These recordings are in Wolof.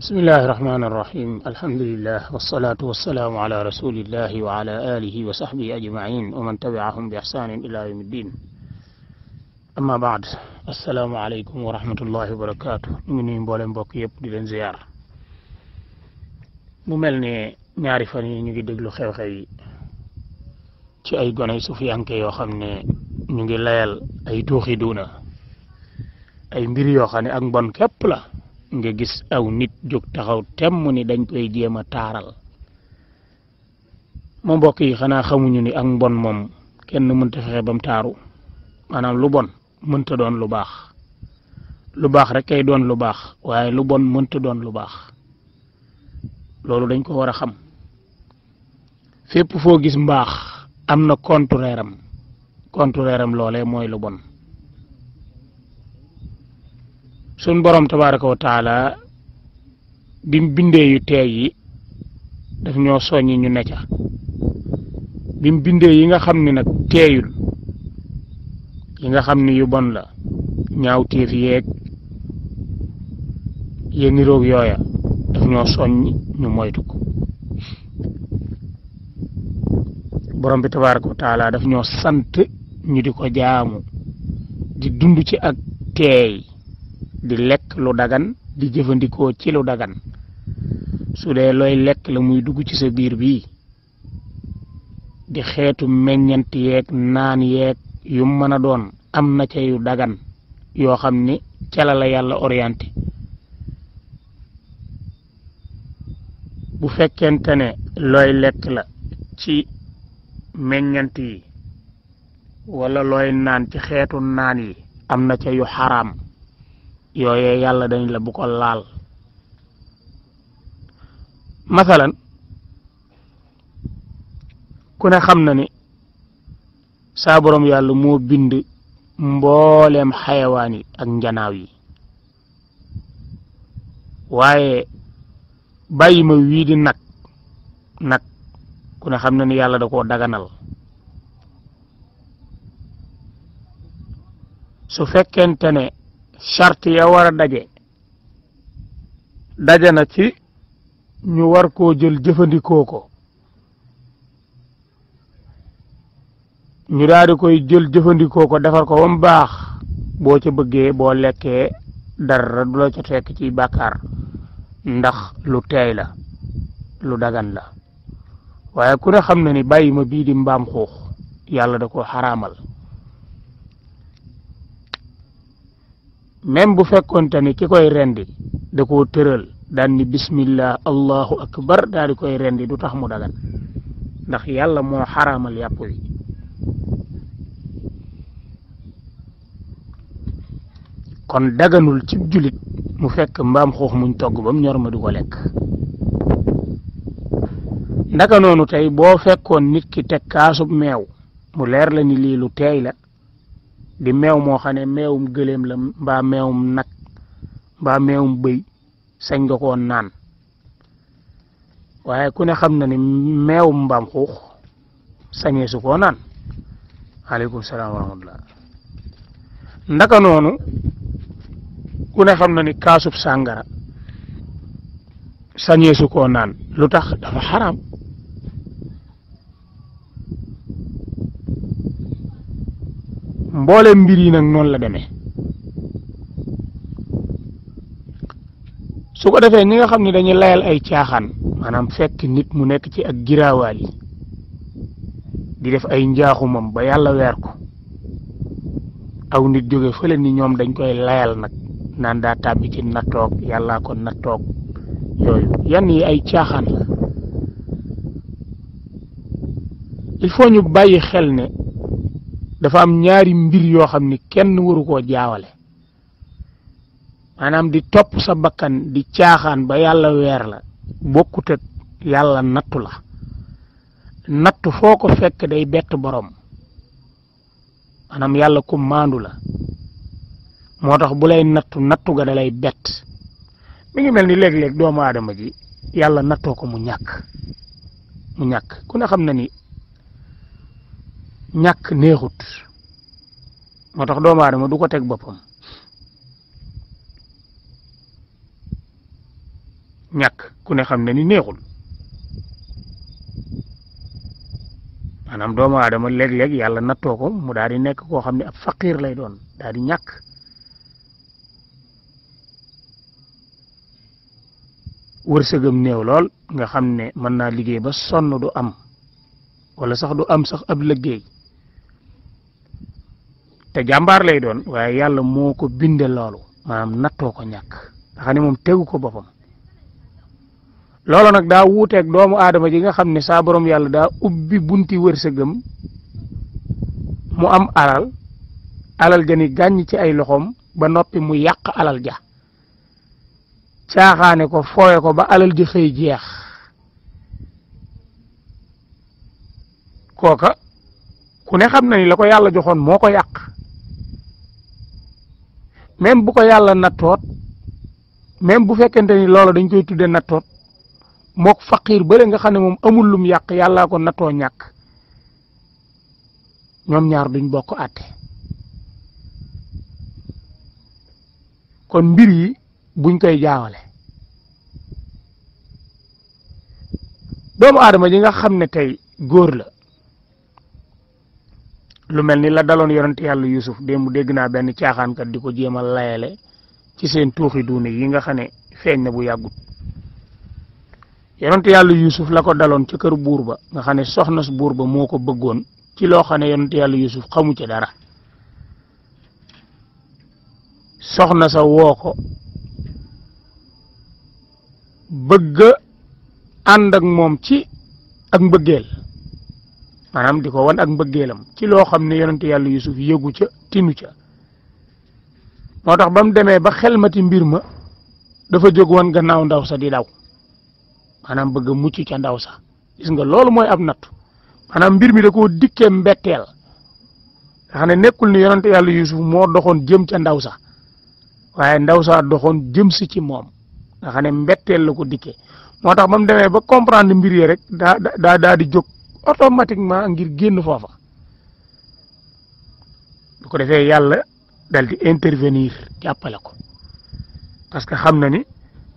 بسم الله الرحمن الرحيم الحمد لله والصلاة والسلام على رسول الله وعلى آله وصحبه أجمعين ومن تبعهم بإحسان إلى يوم الدين أما بعد السلام عليكم ورحمة الله وبركاته من مبولم بوك يب دي لن زيار مملني mel ne ñaari fan yi ñu ngi déglu xew-xew yi ci ay gone sufiyanke yoo xam ne ñu nga gis aw nit jóg taxaw temm ni dañ koy jéem a taaral mu mbokk yi xanaa xamuñu ni ak mbon moom kenn mënta fexe ba mu taaru maanaam lu bon mënta doon lu baax lu baax rek ay doon lu baax waaye lu bon mënta doon lu baax loolu dañ ko war a xam fépp foo gis mbaax am na contraire am contraire am mooy lu bon sun borom tabaraka wa taala bim yu teey yi daf ñoo soññi ñu necca bim bindee yi nga xam ni nag teeyul yi nga xam ni yu bon la ñaaw téef yeeg ye niroog yooya daf ñoo soññ ñu moytu borom bi tabaraka wa daf ñoo sant ñu di ko jaamu di dund ci ak teey di lekk lu dagan di jëfandikoo ci lu dagan su dee looy lekk la muy dugg ci sa biir bii di xeetu meññant yeeg naan yeeg yu mën a doon am na ca yu dagan yoo xam ni ca la la yàlla orienté bu fekkente ne looy lekk la ci meññant yi wala looy naan ci xeetu naan yi am na ca yu xaraam yooyee yàlla dañ la bu ko laal masalan ku xam na ni saa yàlla moo bind mbooleem xayawaan ak njanaaw yi waaye bàyyi ma wii di nag nag ku xam na ni yàlla da ko daganal su fekkente charte ya war a daje daja na ci ñu war koo jël jëfandikoo ko ñu daal koy jël jëfandikoo ko defar ko ba mu baax boo ca bëggee boo lekkee dara du la ca tekk ci bàkkaar ndax lu teey la lu dagan la waaye ku ne xam na ni bàyyi ma bii di mbaam xuux yàlla da ko xaramal même bu fekkoonte ni ki koy rendi da ko tëral daan ni bismillah allahu akbar daal di koy rendi du tax mu dagan ndax yàlla moo xaraamal yàpp wi kon daganul ci julit mu fekk mbaam xuux muñ togg ba mu ñor ma di ko lekk ndaka noonu tey boo fekkoon nit ki teg kaasu meew mu leer la ni lii lu la di meew moo xam ne meewum gëléem la mbaa meewum nag mbaa meewum bëy sañ nga koo naan waaye ku ne xam na ni meewum mbaam xuux sañee su naan aleykum salaam wa ndaka noonu ku ne xam na ni kaasub sàngara sañee su naan lu tax dafa xaraam mboole mbir yi nag noonu la deme su ko defee ñi nga xam ni dañuy layal ay caaxaan maanaam fekk nit mu nekk ci ak giraawaal yi di def ay njaaxumam ba yàlla weer ko aw nit jóge fële ni ñoom dañ koy layal nag naan daa tàbbi ci nattoog yàllaa ko nattoog yooyu yan yi ay caaxaan la il faut ñu bàyyi xel ne dafa am ñaari mbir yoo xam ni kenn waru koo jaawale maanaam di topp sa bakkan di caaxaan ba yàlla weer la bokkut yàlla nattu la nattu foo ko fekk day bett borom maanaam yàlla ku maandu la moo tax bu lay nattu nattu ga da lay bett mu ngi mel ni léeg-léeg doomu aadama ji yàlla nattoo ko mu ñàkk mu ñàkk ku xam na ni ñàkk neexut moo tax doomu aadama du ko teg boppam ñàkk ku ne xam ne ni neexul maanaam doomu aadama léeg-léeg yàlla nattoo ko mu daal di nekk koo xam ne ab faqiir lay doon daal di ñàkk wërsëgam néew lool nga xam ne mën naa liggéey ba sonn du am wala sax du am sax ab liggéey te jambar lay doon waye yalla moko ko binde loolu maanaam ko ñak xani mom moom tegu ko boppam loolu nag daa wuuteeg doomu adama ji nga xamni sa borom yalla da ubbi bunti wërsëgam mu am alal alal gani gañ ci ay loxom ba nopi mu yaq alal ja chaaxane ko foye ko ba alal ji xey jeex koka ku ne xam na ni la ko yàlla joxoon moo ko yàq même bu ko yàlla nattoot même bu fekkente ni loola dañ koy tuddee nattoot mook faqiir bële nga xam ne moom amul lum yàq yàllaa ko nattoo ñàkk ñoom ñaar duñ bokk àtte kon mbir yi buñ koy jaawale doomu aadama ji nga xam ne tey góor la lu melni ni la dalon yonent yalla yusuf dembu degna naa benn caaxaankat di ko jéem a ci sen tuuxi duune yi nga xane feñ na bu yagut yonent yalla yusuf lako dalon ci keur kër ba nga xane ne soxna su moko ba ci lo xane yonent yusuf xamu ci dara soxna sa woko ko bëgg ànd ak mom ci ak manam di won ak mbeugelam ci lo xamne ne yalla yusuf yegu ca tinu ca motax bam deme ba xelmati mbir ma dafa jog won gannaaw ndaw sa di daw manam bëgg muccu ca ndaw sa gis nga loolu moy ab nat manam mbir mi da koo dikkee mbetteel nga nekkul ni yonent yalla yusuf mo jëm ca ndaw sa waye ndaw sa jëm ci ci mom xane mbettel lako dikke motax bam deme ba comprendre mbir ye rek da da da di jog automatiquement ngir génn foofa bu ko defee yàlla dal di intervenir jàppale ko parce que xam na ni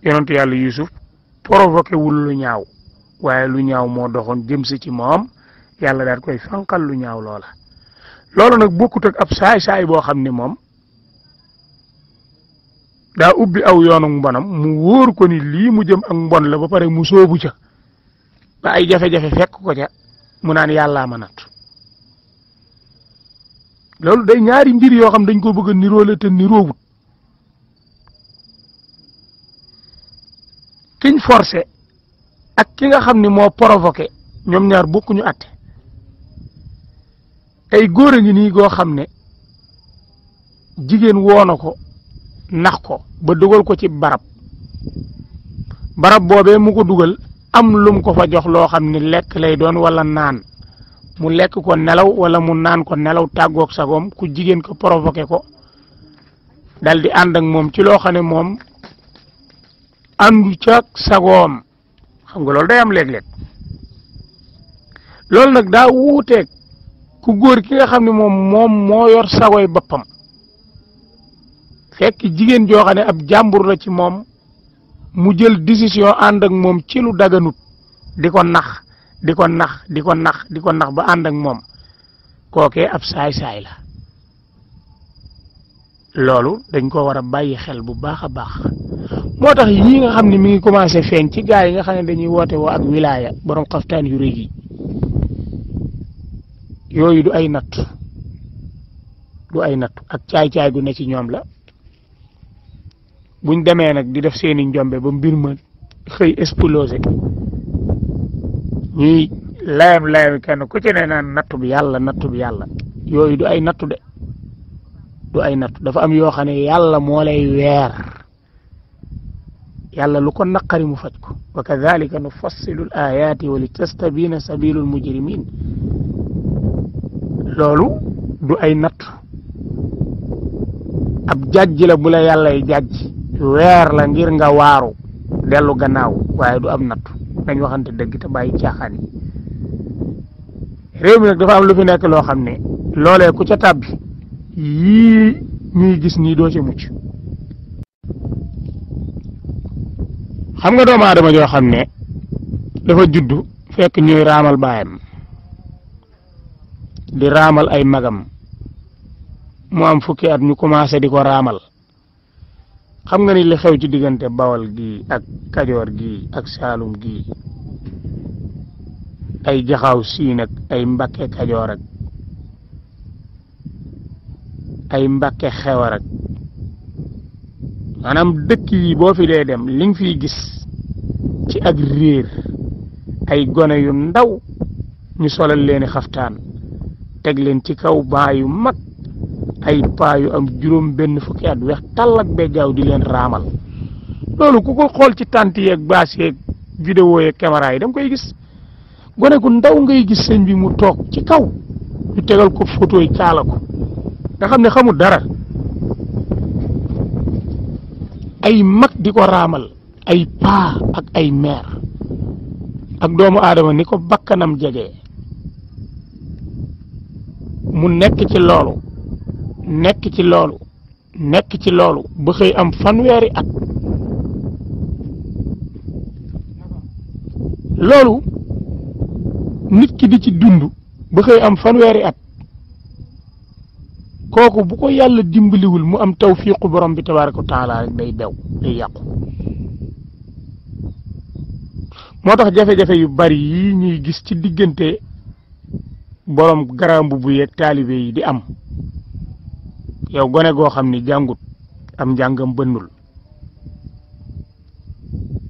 yonentu yàlla Yuusuf provoqué wul lu ñaaw waaye lu ñaaw moo doxoon jëm si ci moom yàlla daal koy fanqal lu ñaaw loola loolu nag bokkut ak ab saay-saay boo xam ne moom daa ubbi aw yoonu mbonam mu wóor ko ni lii mu jëm ak mbon la ba pare mu sóobu ca ba ay jafe-jafe fekk ko ca mu naan yàllaa ma nattu loolu day ñaari mbir yoo xam dañ koo bëgg a niroole te niroowut kiñ forcé ak ki nga xam ni moo provoqué ñoom ñaar bokkuñu atte ay góor a ngi nii goo xam ne jigéen woona ko nax ko ba dugal ko ci barab barab boobee mu ko dugal am lum ko fa jox loo xam ni lekk lay doon walla naan mu lekk ko nelaw wala mu naan ko nelaw tàggook sagoom ku jigéen ko provoqué ko dal di ànd ak moom ci loo xam ne moom àndu ca sagoom xam nga loolu day am léeg-léeg loolu nag daa wuuteeg ku góor ki nga xam ne moom moom moo yor sagoy boppam fekk jigéen joo xam ne ab jàmbur la ci moom mu jël décision and ak mom ci lu daganut diko nax diko nax diko nax diko ko nax ba and ak mom koké ab say say la loolu dañ ko wara bayyi xel bu baax a baax moo tax nga xamni mi ngi commencé ci gaay nga xamni dañuy woote wo ak wilaya borom xaftan yu rëy yi du ay nat du ay nat ak gu ne ci ñom la buñ demee nag di def seeni njombe ba mbir ma xëy explosé ñuy layam layam kenn ku ci ne naan nattu bi yàlla nattu bi yàlla yooyu du ay nattu de du ay nattu dafa am yoo xam ne yàlla moo lay weer yàlla lu ko naqari mu faj ko wa kadalika nufassilu l ayaati wa li tastabina sabilul mujrimin loolu du ay nattu ab jàjj la bu la yàllay jàjj weer la ngir nga waru delu gannaaw waye du am nat nañ waxante deug te bàyyi caaxaan yi réew mi dafa am lu fi nek lo xamne lolé ku ca tabbi yi ñuy gis ni do ci mucc xam nga dooma adama jo xamne dafa judd fekk ñuy ramal bayam di ramal ay magam mu am fukki at ñu commencé diko ramal xam nga ni li xew ci diggante bawal gi ak kajoor gi ak saalum gi ay jaxaw siin ak ay mbakke kajoor ak ay mbakke xewar ak maanaam dëkk yi boo fi dee dem li nga fiy gis ci ak réer ay gone yu ndaw ñu solal leeni xaftaan teg leen ci kaw baa yu mag ay paa yu am juróom ben fukki at wex tal ak bejjaaw di len ramal lolou kuko xol ci tànt yeeg bass yeeg video yeeg camera yi dang koy gis gone gu ndaw ngay gis sëñ bi mu tok ci kaw ñu tegal ko photo yi kaala ko nga dara ay mak diko ramal ay pa ak ay mer ak doomu adama niko bakkanam jege mu nekk ci lolou nekk ci loolu nekk ci loolu ba xëy am fanweeri at loolu nit ki di ci dund ba xëy am fanweeri at kooku bu ko yàlla dimbaliwul mu am tawfiiqu borom bi tabaaraka wa taala rek day bew day yàqu moo tax jafe-jafe yu bari yi ñuy gis ci diggante borom garambu bu yeeg taalibe yi di am yow goné go xamni jangut am jangam bënul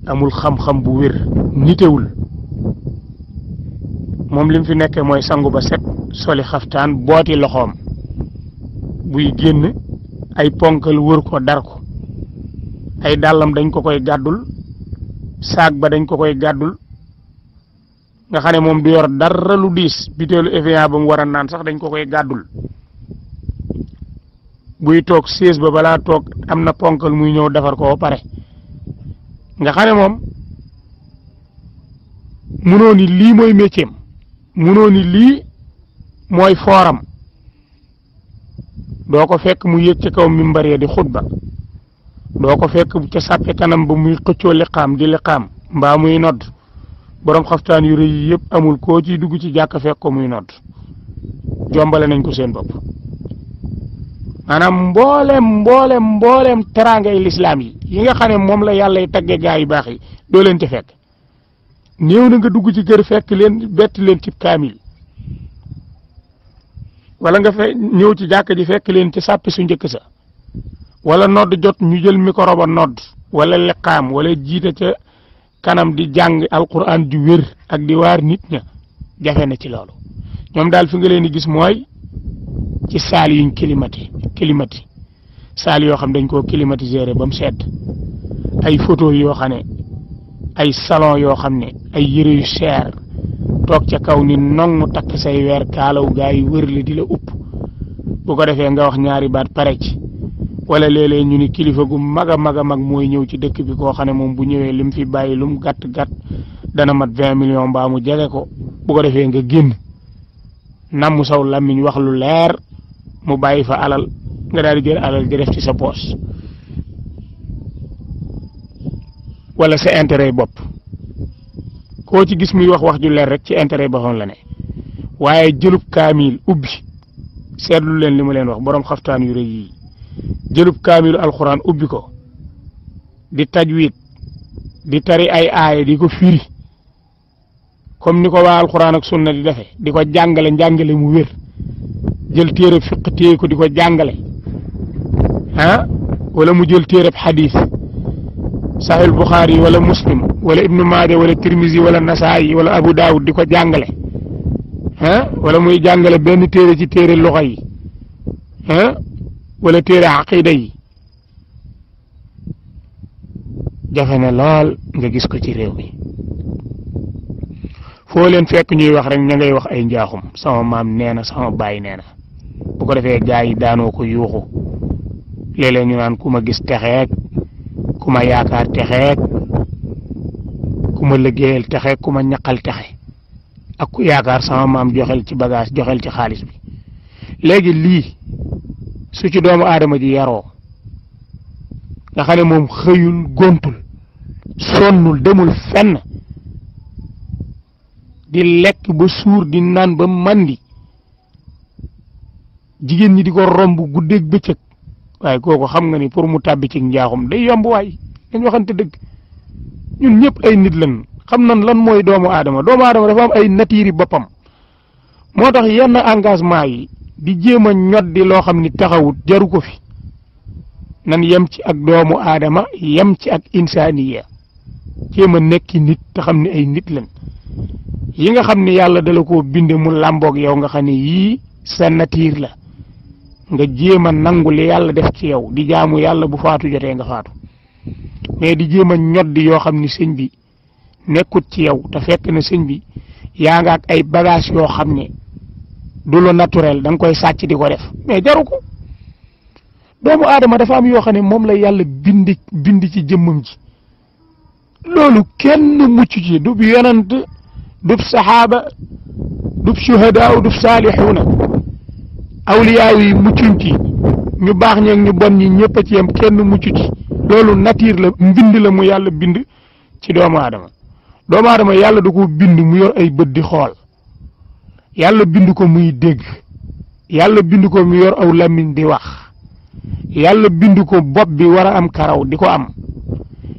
amul xam-xam bu wér momlim mom lim fi nekké moy sangu ba set soli xaftaan boti loxom buy génn ay ponkal wër ko dar ko ay dalam dañ ko koy gadul, saag ba dañ ko koy gadul, nga xane mom du yor dara lu dis bitelu evian mu sax dañ ko koy gadul. buy toog siis ba balaa toog am na ponkal muy ñëw defar ko ba pare nga xam ne moom munoo ni lii mooy métier am munoo lii mooy fooram doo ko fekk mu yéeg ca kaw mimbar ya di ba doo ko fekk ca sàppe kanam ba muy xëccoo liqaam di liqaam mbaa muy nodd borom xaftaan yu rëy yi yëpp amul koo ciy dugg ci jàkk fekk ko muy nodd jombale nañ ko seen bopp maanaam mboolem mboolem mboolem teraangay lislaam yi yi nga xam ne moom la yàlla tagge gaa yu baax yi doo leen ci fekk néew na nga dugg ci kër fekk leen bett leen ci kaamil wala nga fe ñëw ci jàkk ji fekk leen ci sàppi su njëkk sa wala nodd jot ñu jël micro ba nodd wala liqaam wala jiite ca kanam di jàng alquran ju wér ak di waar nit ña jafe na ci loolu ñoom daal fi nga leen di gis mooy ci saal yuñ climaté climaté saal yoo xam dañ koo climatisé ba mu set ay photo yoo xam ne ay salon yoo xam ne ay yére yu cher toog ca kaw ni non mu takk say weer kaalaw gaa yi wër la di la upp bu ko defee nga wax ñaari baat pare ci wala léeg ñu ni kilifa gu mag a mag a mag mooy ñëw ci dëkk bi koo xam ne moom bu ñëwee lim fi bàyyi lum gàtt gàtt dana mat vingt millions mbaa mu jege ko bu ko defee nga génn namm saw làmmiñ wax lu leer mu bàyyi fa alal nga daal jël alal di def ci sa poos wala sa yi bopp koo ci gis muy wax wax ju leer rek ci intere intérêt boppam la ne waaye jëlub kaamil ubbi seetlu leen li ma leen wax boroom xaftaan yu rëy yi jëlub kaamilu alxuraan ubbi ko di taj tajwid di tari ay aaya di ko firi comme ni ko waa alxuraan ak sunna di defe di ko jàngale njàngale mu wér jël téereb fiq téye ko di jàngale ah wala mu jël téereb xadis sahil buxaari wala muslim wala ibn maaja wala tirmizi wala nasa'i wala abu daud diko jàngale ah wala muy jàngale ben téré ci téré loxo yi ah wala téré aqida yi jafe na nga gis ko ci réew mi foo leen fekk ñuy wax rek ña ngay wax ay njaaxum sama mam neena sama baay neena bu ko defee gaa yi daanoo ko yuuxu léeg ñu naan ku ma gis texeek ku ma yaakaar texeek ku ma liggéeyal texeek ku ma ñaqal texe ak ku yaakaar sama maam joxel ci bagaas joxel ci xaalis bi léegi lii su ci doomu aadama ji yaroo nga xam ne moom xëyul gontul sonnul demul fenn di lekk ba suur di naan ba màndi jigéen ñi di ko romb guddeeg bëccëg waaye kooku xam nga ni pour mu tàbbi ci njaaxum day yomb waay dañ waxante dëgg ñun ñëpp ay nit lañ xam na lan mooy doomu aadama doomu aadama dafa am ay natiiri boppam moo tax yenn engagement yi di jéem a ñot loo xam ni taxawut jaru ko fi nan yem ci ak doomu aadama yem ci ak insaaniya jéem a nekki nit te xam ne ay nit lañ yi nga xam ni yàlla dala ko binde mu làmbook yow nga xam ni yii sa natiir la nga jéem a nangu li yàlla def ci yow di jaamu yàlla bu faatu jotee nga faatu mais di jéem a ñoddi yoo xam ni sëñ bi nekkut ci yow te fekk na sëñ bi yaa nga ak ay bagage yoo xam ne du lu naturel da nga koy sàcc di ko def mais jaru ko doomu aadama dafa am yoo xam ne moom la yàlla bindi bindi ci jëmmam ji loolu kenn mucc ci dub yonant dub saxaaba dub shuhadaaw dub saalixuuna awliyaaw yi muccuñ ci ñu baax ñeeg ñu bon ñi ñëpp a ci yem kenn muccu ci loolu nature la mbind la mu yàlla bind ci doomu aadama doomu aadama yàlla da ko bind mu yor ay bët di xool yàlla bind ko muy dégg yàlla bind ko mu yor aw làmmiñ di wax yàlla bind ko bopp bi war a am karaw di ko am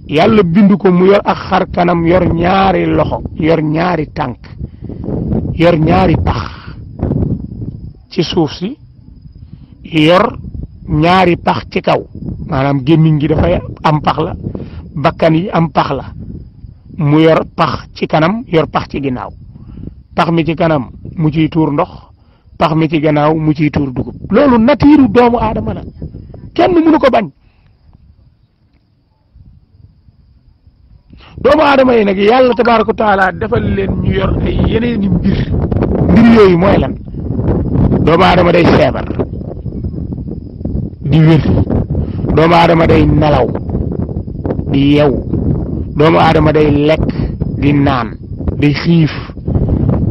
yàlla bind ko mu yor ak xar kanam yor ñaari loxo yor ñaari tànk yor ñaari pax ci suuf si yor ñaari pax ci kaw maanaam gémmiñ gi dafay am pax la bakkan yi am pax la mu yor pax ci kanam yor pax ci ginnaaw pax mi ci kanam mu ciy tuur ndox pax mi ci gannaaw mu ciy tuur dugub loolu natiiru doomu aadama la kenn mënu ko bañ doomu aadama yi nag yàlla tabaaraka taala defal leen ñu yor ay yeneeni mbir mbir yooyu mooy lan doomu aadama day feebar di wér doomu aadama day nelaw di yew doomu adama day lekk di naan day xiif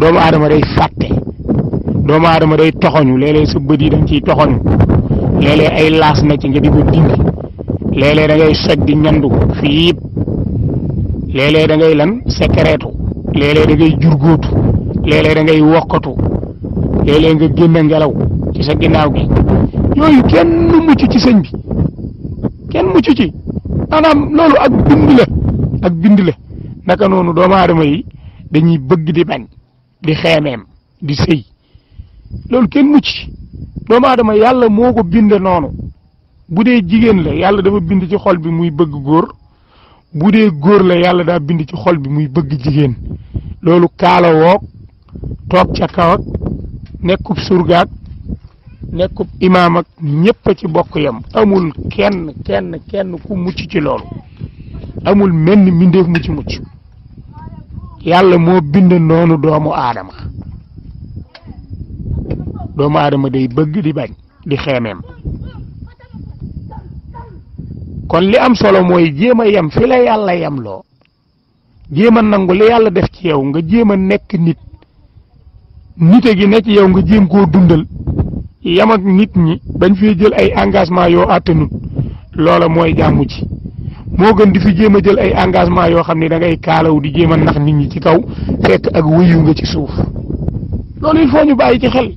doomu aadama day fàtte doomu aadama day toxoñu léeg-léeg sa bët yi dañ ciy toxoñu léeg ay laas na ci nga di ko dindi léeg-léeg soj di ñandu fii yëpp léeg da ngay lan sekkereetu léeg-léeg da ngay jurgóotu wokkatu léeg-léeg nga génn ngelaw ci sa ginnaaw gi yooyu kenn mucc ci sëñ bi kenn mucc ci maanaam loolu ak bind la ak bind la naka noonu doomu aadama yi dañuy bëgg di bañ di xeemeem di sëy loolu kenn mucc ci doomu aadama yàlla moo ko bind noonu bu dee jigéen la yàlla dama bind ci xol bi muy bëgg góor bu dee góor la yàlla daa bind ci xol bi muy bëgg jigéen loolu kaala woog toog ca kaw nekkub surgaak nekkub imaam ak ñëpp a ci bokk yam amul kenn kenn kenn ku mucc ci loolu amul menn mbindeef mu ci mucc yàlla moo bind noonu doomu aadama doomu aadama day bëgg di bañ di xeemeem kon li am solo mooy jéem a yam fi la yàlla yem loo jéem a nangu li yàlla def ci yow nga jéem a nekk nit nite gi ne ci yow nga jéem koo dundal yam nit ñi bañ fee jël ay engagement yoo àttanut loola mooy jàmm ci moo gën di fi jéem a jël ay engagement yoo xam ne dangay ngay kaalaw di jéem a nax nit ñi ci kaw fekk ak wéyu nga ci suuf loolu il faut ñu bàyyi ci xel.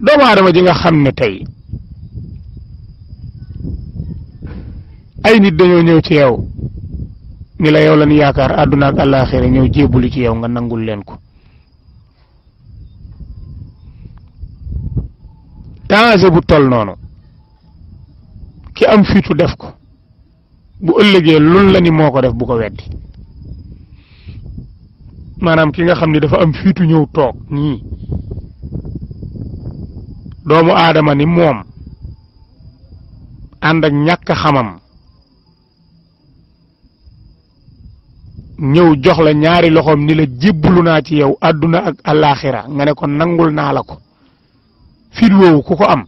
doomu ji nga xam ne tey ay nit dañoo ñëw ci yow ni la yow lan yaakaar àdduna ak àllaaxira ñëw jébbulu ci yow nga nangul leen ko danger bu toll noonu ki am fitu def ko bu ëllëgee lun la moo ko def bu ko weddi maanaam ki nga xam ni dafa am fiitu ñëw toog nii doomu aadama ni moom ànd ak ñàkk xamam ñëw jox la ñaari loxoom ni la jébbalu naa ci yow àdduna ak alaaxira nga ne ko nangul naa la ko fit ku ko am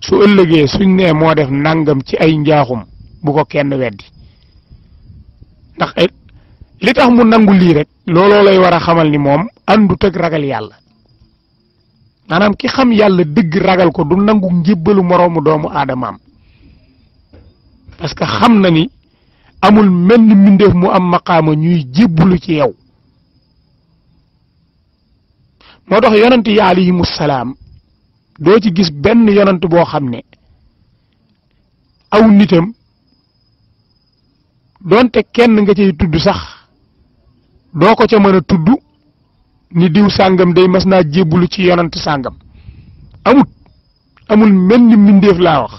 su ëllëgee suñ nee moo def nangam ci ay njaaxum bu ko kenn weddi ndax li tax mu nangu lii rek looloo lay war a xamal ni moom àndut ak ragal yàlla maanaam ki xam yàlla dëgg ragal ko du nangu njébbalu moroomu doomu aadamaam parce que xam na ni amul mel ni mbindeef mu am maqaama ñuy jébbalu ci yow moo tax yonent yi alayhimu salaam doo ci gis benn yonent boo xam ne aw nitam doonte kenn nga cay tudd sax doo ko ca mën a tudd ni diw sàngam day mas naa jébbalu ci yonent sàngam amut amul mel ni mbindeef laa wax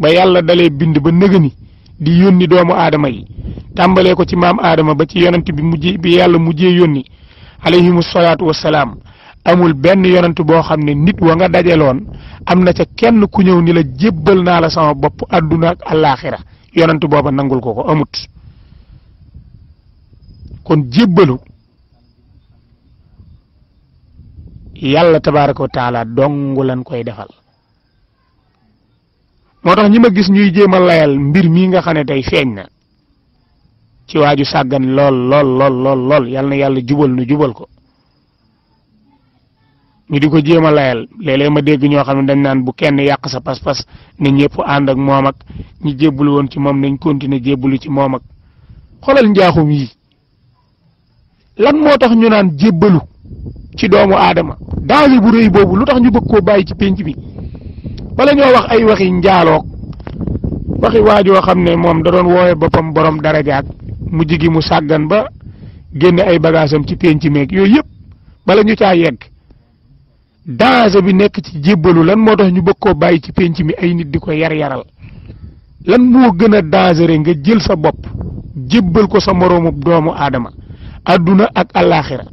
ba yàlla dalee bind ba nëgëni di yónni doomu aadama yi tàmbalee ko ci maam aadama ba ci yonent bi mujj bi yàlla mujjee yónni alayhimu salaatu wassalaam amul benn yonent boo xam ne nit wa nga dajaloon am na ca kenn ku ñëw ni la jébbal naa la sama bopp àdduna ak allaaxira yonent booba nangul ko ko amut kon jébbalu yàlla tabaaraka wa taala lan koy defal motax ñima gis ñuy jema layal mbir mi nga xane tay feeñ na ci waju sagan lol lol lol lol lol yal na jubal nu jubal ko ñu diko jema layal lele ma deg ñoo xamne dañ nan bu kenn yak sa pas-pas ni ñepp and ak mom ak ñi jébbul won ci mom nañ continuer jébbalu ci mom ak xolal njaaxum yi lan motax ñu nan jébbalu ci doomu adama danger bu rëy bobu lutax ñu bëkk ko bàyyi ci penc bi bala ñoo wax ay waxi njaaloog waxi waajoo xam ne moom da doon woowe boppam borom ak mu jigi mu sàggan ba génne ay bagaasam ci penc meeg yooyu yëpp bala ñu caa yegg danger bi nekk ci jébbalu lan moo tax ñu bëgg koo bàyyi ci penc mi ay nit di ko yar-yaral lan gën a dangereux nga jël sa bopp jébbal ko sa moroomu doomu aadama àdduna ak àllaaxira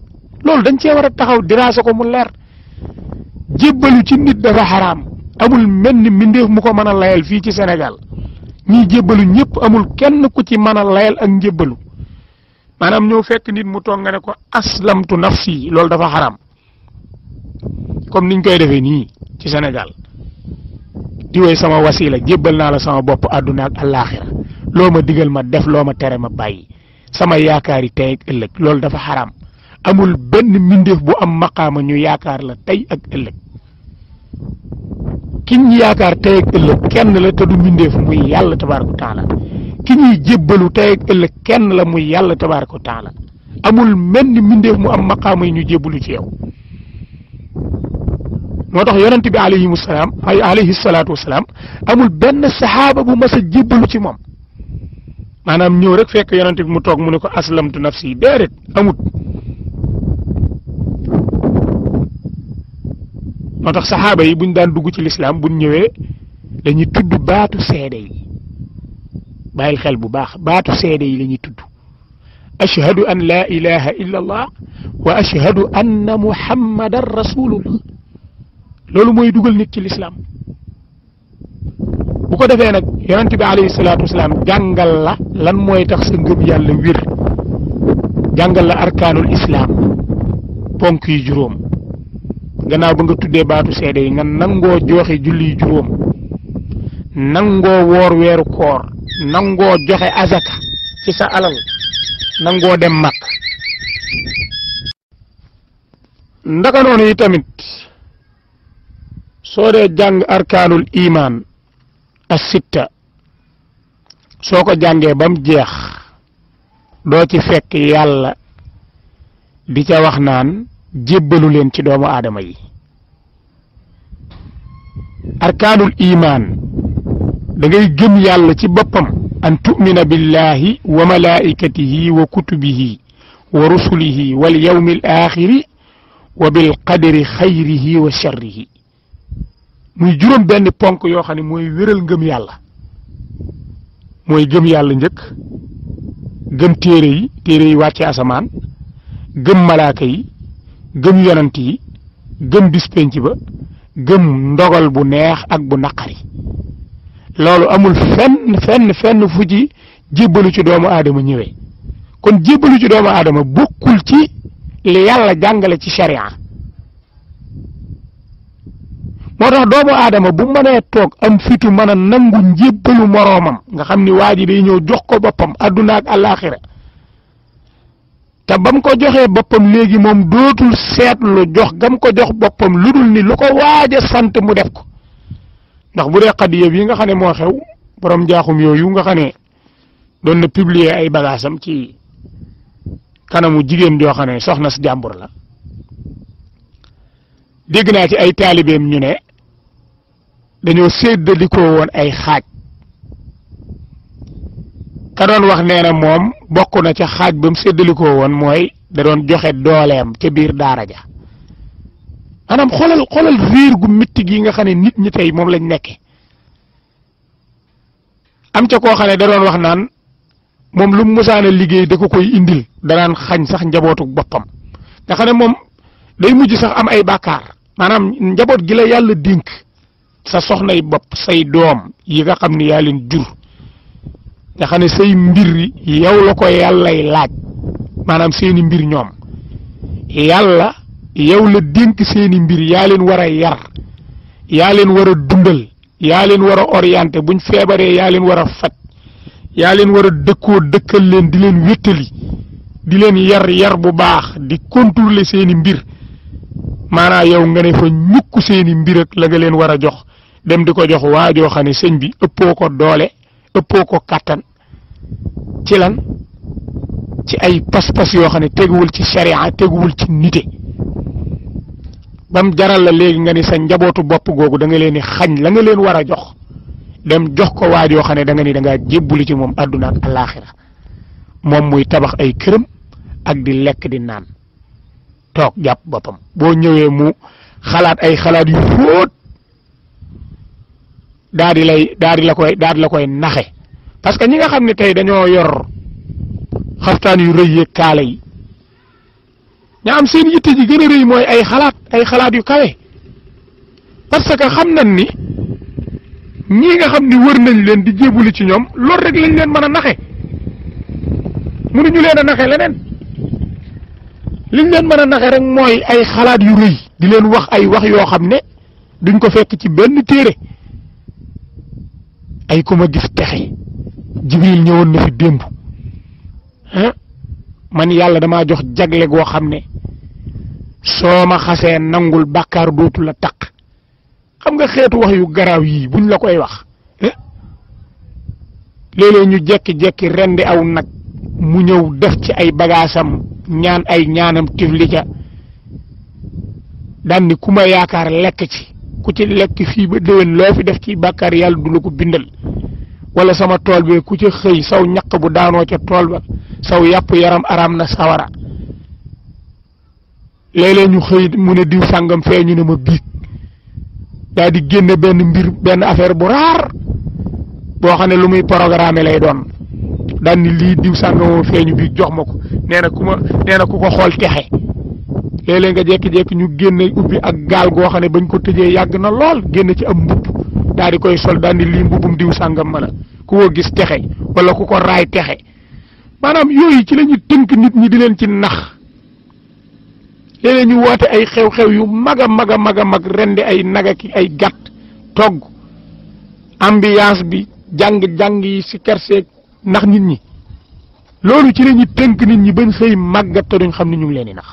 loolu dañ cee war a taxaw diraase ko mu leer jébbalu ci nit dafa xaraam amul menn mindeef mu ko mën a layal fii ci Sénégal ñi jébbalu ñëpp amul kenn ku ci mën a layal ak njébbalu maanaam ñëw fekk nit mu toog nga ne ko aslamtu nafsi loolu dafa xaram comme niñ koy defee nii ci Sénégal di woy sama wasila jébbal naa la sama bopp àdduna ak àllaaxira loo ma digal ma def loo ma tere ma bàyyi sama yaakaari tey ak ëllëg loolu dafa haram, amul benn mbindeef bu am maqaama ñu yaakaar la tey ak ëllëg ki ñu yaakaar tey ak ëllëg kenn la te du mbindeef muy yàlla tabaaraka taala ki ñuy jébbalu tey ak ëllëg kenn la muy yàlla tabaaraka taala amul menn mbindeef mu am maqaama yi ñu jébbalu ci yow moo tax yonent bi alayhimu salaam ay alayhi salaatu salaam amul benn saxaaba bu mas a jébbalu ci moom maanaam ñëw rek fekk yonent bi mu toog mu ne ko aslamtu nafsi déedéet amut moo tax saxaaba yi buñ daan dugg ci lislaam buñ ñëwee dañuy tudd baatu seede yi bàyyil xel bu baax baatu seede yi lañuy tudd ashhadu an laa ilaha illa wa ashhadu anna muhammadan rasulullah loolu mooy dugal nit ci lislaam bu ko defee nag yonente bi alayhi salaatu wasalaam jàngal la lan mooy tax sa ngëm yàlla wir jàngal la arkaanul islaam ponk yi juróom gannaaw ba nga tuddee baatu seede yi nga nangoo joxe julli juróom nangoo woor weeru koor nangoo joxe azaka ci sa alal nangoo dem mak ndaka noonu yi tamit soo dee jàng arkaanul iman as sitta soo ko jàngee ba mu jeex doo ci fekk yàlla di ca wax naan jébbalu leen ci doomu aadama yi arkaanul imaan dangay ngay gëm yàlla ci boppam an tumina billahi wa malaikatihi wa kutubihi wa rusulihi wal yawmi al axiri wa bil qadari xayrihi wa sharrihi muy juróom benn ponk yoo xam ne mooy wéral ngëm yàlla mooy gëm yàlla njëkk gëm téere yi téere yi wàcce asamaan gëm malaaka yi gëm yonent yi gëm bispenc ba gëm ndogal bu neex ak bu naqari loolu amul fenn fenn fenn fu ci jébbalu ci doomu aadama ñëwee kon jébbalu ci doomu aadama bokkul ci li yàlla jàngale ci sharia moo tax doomu aadama bu mënee toog am fitu mën a nangu njébbalu moroomam nga xam ni waa ji day ñëw jox ko boppam adduna ak àllaaxira te ba mu ko joxee boppam léegi moom dootul seetlu jox gam ko jox boppam lu dul ni lu ko waaj sant mu def ko ndax bu dee xadiya yi nga xam ne moo xew borom jaaxum yooyu nga xam ne doon na publier ay bagaasam ci kanamu jigéen joo xam ne soxna si jàmbur la dégg naa ci ay taalibeem ñu ne dañoo séddalikoo woon ay xaaj ka doon wax nee na moom bokk na ca xaaj ba mu séddalikoo woon mooy da doon joxe dooleem ca biir daara ja maanaam xoolal xoolal riir gu métti gi nga xam ne nit ñi tey moom lañ nekke am ca koo xam ne da doon wax naan moom lu mu musaana liggéey da ko koy indil danaan xañ sax njabootu boppam nga xam ne moom day mujj sax am ay bàkkaar maanaam njaboot gi la yàlla dink sa soxnay bopp say doom yi nga xam ni yaa leen jur nga xam sey mbir yow la ko laaj maanaam seeni mbir ñom yalla yow la dénk seeni mbir ya leen wara yar ya leen wara dundal ya leen wara orienter buñ febaré ya leen wara fat ya leen di leen di leen yar yar bu baax di contrôler seeni mbir mana yow nga ne fa ñukk seeni mbir ak la nga leen wara jox dem diko jox waajo xam señ bi eppoko doole eppoko katan ci lan ci ay pas-pas yo xamne teggul ci sharia teggul ci nité bam jaral la legi nga ni sa njabootu bop googu da nga leni xagn la nga len wara jox dem jox ko waaj yoo da nga ni da nga jebuli ci mom aduna ak alaxira mom muy tabax ay kërëm ak di lek di nan tok japp bopam bo mu xalaat ay xalaat yu fóot daal di lay daal la koy daal la koy naxé parce que ñi nga xam ne tey dañoo yor xaftaan yu rëy yeeg kaala yi ña am seen yitte ji gën a rëy mooy ay xalaat ay xalaat yu kawe parce que xam nañ ni ñii nga xam ni wër nañ leen di jébuli ci ñoom loolu rekk lañ leen mën a naxe mënuñu leen a naxe leneen liñ leen mën a naxe rek mooy ay xalaat yu rëy di leen wax ay wax yoo xam ne duñ ko fekk ci benn téere ay ku ma gis texe jibril ñëwoon na fi démb man yàlla damaa jox jagle goo xam ne soo ma xasee nangul bàkkaar dootu la taq xam nga xeetu wax yu garaaw yii buñ la koy wax léeg ñu jekki-jekki rendi aw nag mu ñëw def ci ay bagaasam ñaan ay ñaanam tifli ca daan ku ma yaakaar lekk ci ku ci lekk fii ba déwén loo fi def ci bàkkaar yàlla du la ko bindal wala sama tool bi ku ci xëy saw ñaq bu daanoo ca tool ba saw yàpp yaram araam na sawara léeg ñu xëy mu ne diw sàngam fee ñu ne ma biig daal di génne benn mbir benn affaire bu raar boo xam ne lu muy programme lay doon daal ni lii diw sàngam fee biig jox ma ko nee na ku ma nee ku ko xool texe léeg-léeg nga jékki-jékki ñu génne ubbi ak gaal goo xam ne bañ ko tëjee yàgg na lool génne ci am mbubb daal di koy sol daal di lii mbubum diw sàngam ma la ku ko gis texe wala ku ko raay texe maanaam yooyu ci la tënk nit ñi di leen ci nax léeg ñu woote ay xew-xew yu mag a mag a mag a mag rendi ay nag ki ay gàtt togg ambiance bi jàng-jàng yi si kerseeg nax nit ñi loolu ci la tënk nit ñi bañ xëy màggat te duñ xam ni ñu ngi leen di nax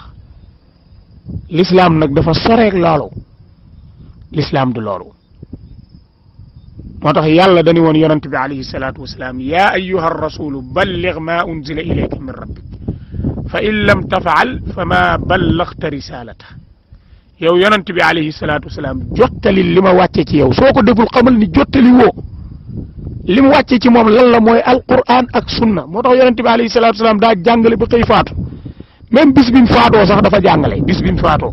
lislaam nag dafa soreeg loolu lislaam du loolu moo tax yàlla dañu woon yonent bi alayhi salaatu wasalaam yaa ayyuha rasulu ballig ma unzila ilayka min rabbik fa in lam tafaal fa ma ballagta risalata yow yonent bi alayhi salaatu wasalaam jottali li ma wàcce ci yow soo ko deful xamal ni jottali woo li mu wàcce ci moom lan la mooy alquran ak sunna moo tax yonent bi alayhi salaatu wasalaam daa jàngale ba xëy faatu même bis bi mu faatoo sax dafa jàngale bis bi mu faatoo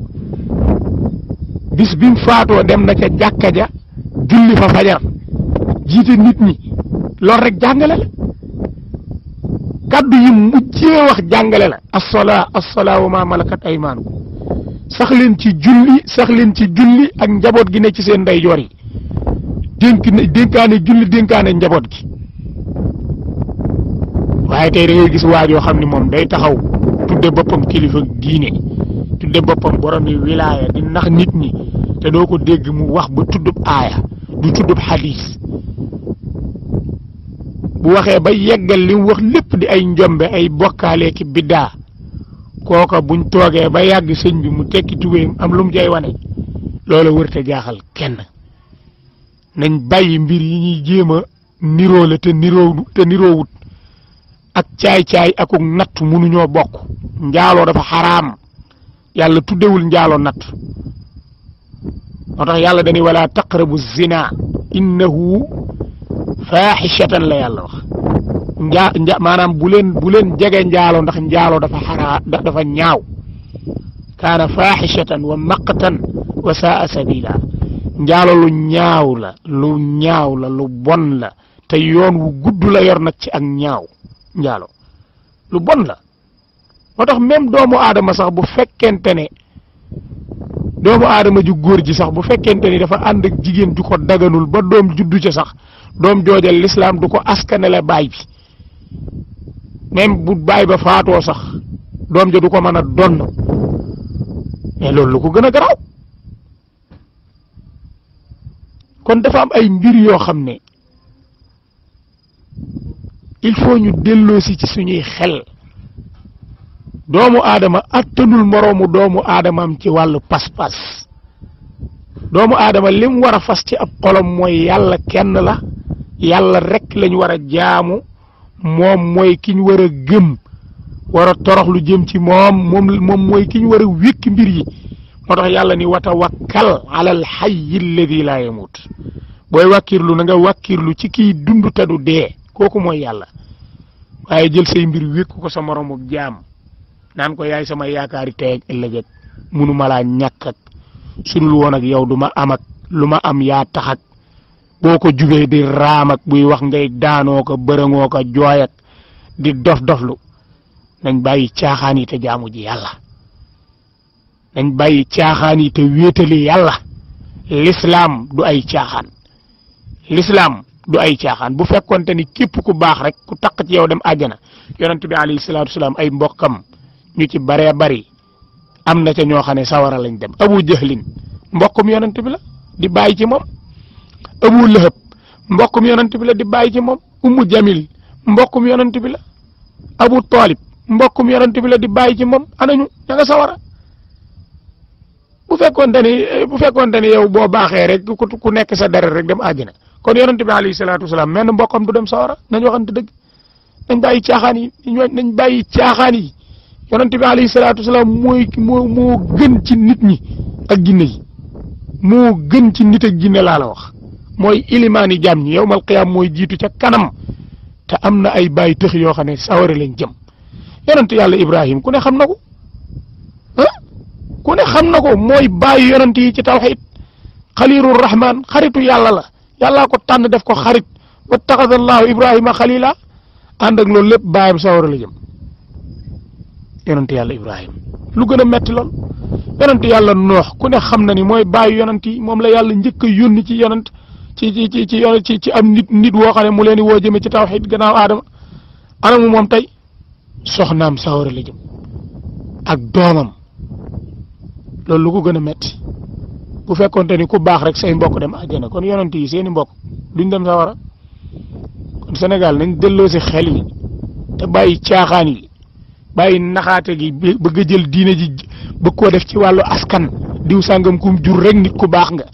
bis bi mu faatoo dem na ca jàkka ja julli fa fajar jiite nit ñi loolu rek jàngale la kaddu yi mujjee wax jàngale la assolaa assolaa wa ma malakat aymaanu sax leen ci julli sax leen ci julli ak njaboot gi ne ci seen ndeyjoor yi dénk dénkaane julli dénkaane njaboot gi waaye tey da ngay gis waajoo xam ni moom day taxaw tudde boppam kilifa diine tudde boppam borom yi wilaaya di nax nit ñi te doo ko dégg mu wax ba tuddub aaya du tuddub xadiis bu waxee ba yeggal li wax lépp di ay njombe ay bokkaale ki biddaa kooka buñ toogee ba yàgg sëñ bi mu tekki tubéyam am lu mu jay wane loola wërte jaaxal kenn nañ bàyyi mbir yi ñuy jéem niroo la te niroo te niroowut ak caay-caay akuk natt mënuñoo bokk njaaloo dafa xaraam yàlla tuddewul njaaloo natt moo tax yàlla dañuy wala taqrabu zina innahu faaxishatan la yàlla wax njaa maanaam bu leen bu leen jege njaalo ndax njaalo dafa xaraa dafa ñaaw kaana faaxishatan wa maqtan wa saa sabila njaalo lu ñaaw la lu ñaaw la lu bon la te yoon wu gudd la yor nag ci ak ñaaw njaalo lu bon la moo tax même doomu aadama sax bu fekkente ne doomu aadama ju góor ji sax bu fekkente ni dafa ànd jigéen ju ko daganul ba doom juddu ca sax doom joojal lislaam du ko askanele baay bi même bu baay ba faatoo sax doom ja du ko mën a donn mais loolu lu ko gën a garaaw kon dafa am ay mbir yoo xam ne il faut ñu delloosi ci suñuy xel doomu aadama attanul moroomu doomu aadamaam ci wàllu pas-pas doomu aadama lim war a fas ci ab xolom mooy yàlla kenn la yàlla rekk lañu war a jaamu moom mooy ki ñu war a gëm war a torox lu jëm ci moom moom moom mooy ki ñu war mbir yi moo tax yàlla ni watawakkal alal hayyi alladi laa yamut booy wàkkirlu na nga wàkkirlu ci kii dund te du dee kooku mooy yàlla waaye jël say mbir wékku ko sa moroomuk jaam naan ko yaay sama yaakaari tey ak ëllëg ak munu ma laa ñàkk ak sunul woon ak yow du ma am ak lu ma am yaa tax ak boo ko jubee di raam buy wax ngay daanoo ko bërëngoo ko jooy ak di dof doflu nañ bàyyi caaxaan yite te jaamu ji yàlla nañ bàyyi caaxaan yi te wéetali yàlla lislaam du ay caaxaan lislaam ay caaxaan bu fekkonte ni képp ku baax rek ku taq ci yow dem àjjana yonent bi alayhi salaatu salaam ay mbokkam ñu ci baree bari am na ca ñoo xam ne sawara lañ dem abu jahlin mbokkum yonent bi la di bàyyi ci moom abu lahab mbokkum yonent bi la di bàyyi ci moom ummu jamil mbokkum yonent bi la abu taalib mbokkum yonent bi la di bàyyi ci moom anañu ña nga sawara bu fekkoonte ni bu fekkoonte ni yow boo baaxee rek ku nekk sa deret rek dem àjjana kon yonent bi alayhi salaatu wasalaam menn mbokkam du dem sawara nañu waxante dëgg nañ bàyyi caaxaan yi nañ bàyyi caaxaan yi yonent bi alayhi salaatu wasalaam mooy moo moo gën ci nit ñi ak ginne yi moo gën ci nit ak ginne laa la wax mooy ilimaani jaam ñi yowmal qiyaam mooy jiitu ca kanam te am na ay bàyyi tëx yoo xam ne sawara lañ jëm yonent yàlla Ibrahim ku ne xam na ah, ku ne xam na ko mooy bàyyi yonent yi ci tawxiid xalilur rahman xaritu yàlla la yàllaa ko tànn def ko xarit wattaxada allahu Ibrahima xalila ànd ak loolu lépp bàyyam sawara la jëm yonent yàlla Ibrahim lu gën a metti lool yonent yàlla noox ku ne xam na ni mooy bàyyi yonent yi moom la yàlla njëkk a yónni ci yonent. ci ci ci ci ci am nit nit woo xam ne mu leen di woo jëme ci tawxiid gannaaw aadama mu moom tey soxnaam sawara la ak doomam loolu lu ko gën a metti bu fekkonte ni ku baax rek say mbokk dem àjjana kon yonent yi seeni mbokk duñ dem sawara kon Sénégal nañ delloo si xel yi te bàyyi caaxaan yi bàyyi naxaate gi bëgg a jël diine ji bëgg koo def ci wàllu askan diw sàngam kum jur rek nit ku baax nga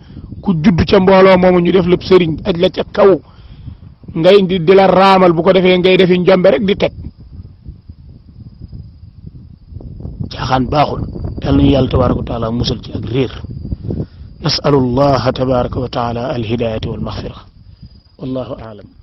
ku judd ca mbooloo moomu ñu def lépp sëriñ aj la ca kaw ngay di di la raamal bu ko defee ngay defi njombe rek di teg caaxaan baaxul yàlla nañu yàlla tabaraka wa taala musal ci ak réer nasalu allaha tabaraka wa taala alhidaayata walmaxfira wallahu aalam